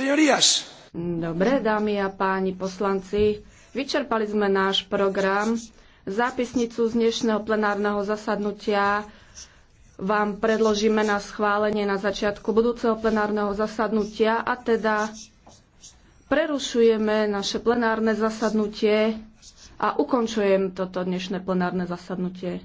Señorías. Dobre, dámy a páni poslanci, vyčerpali sme náš program. Zápisnicu z dnešného plenárneho zasadnutia vám predložíme na schválenie na začiatku budúceho plenárneho zasadnutia a teda prerušujeme naše plenárne zasadnutie a ukončujem toto dnešné plenárne zasadnutie.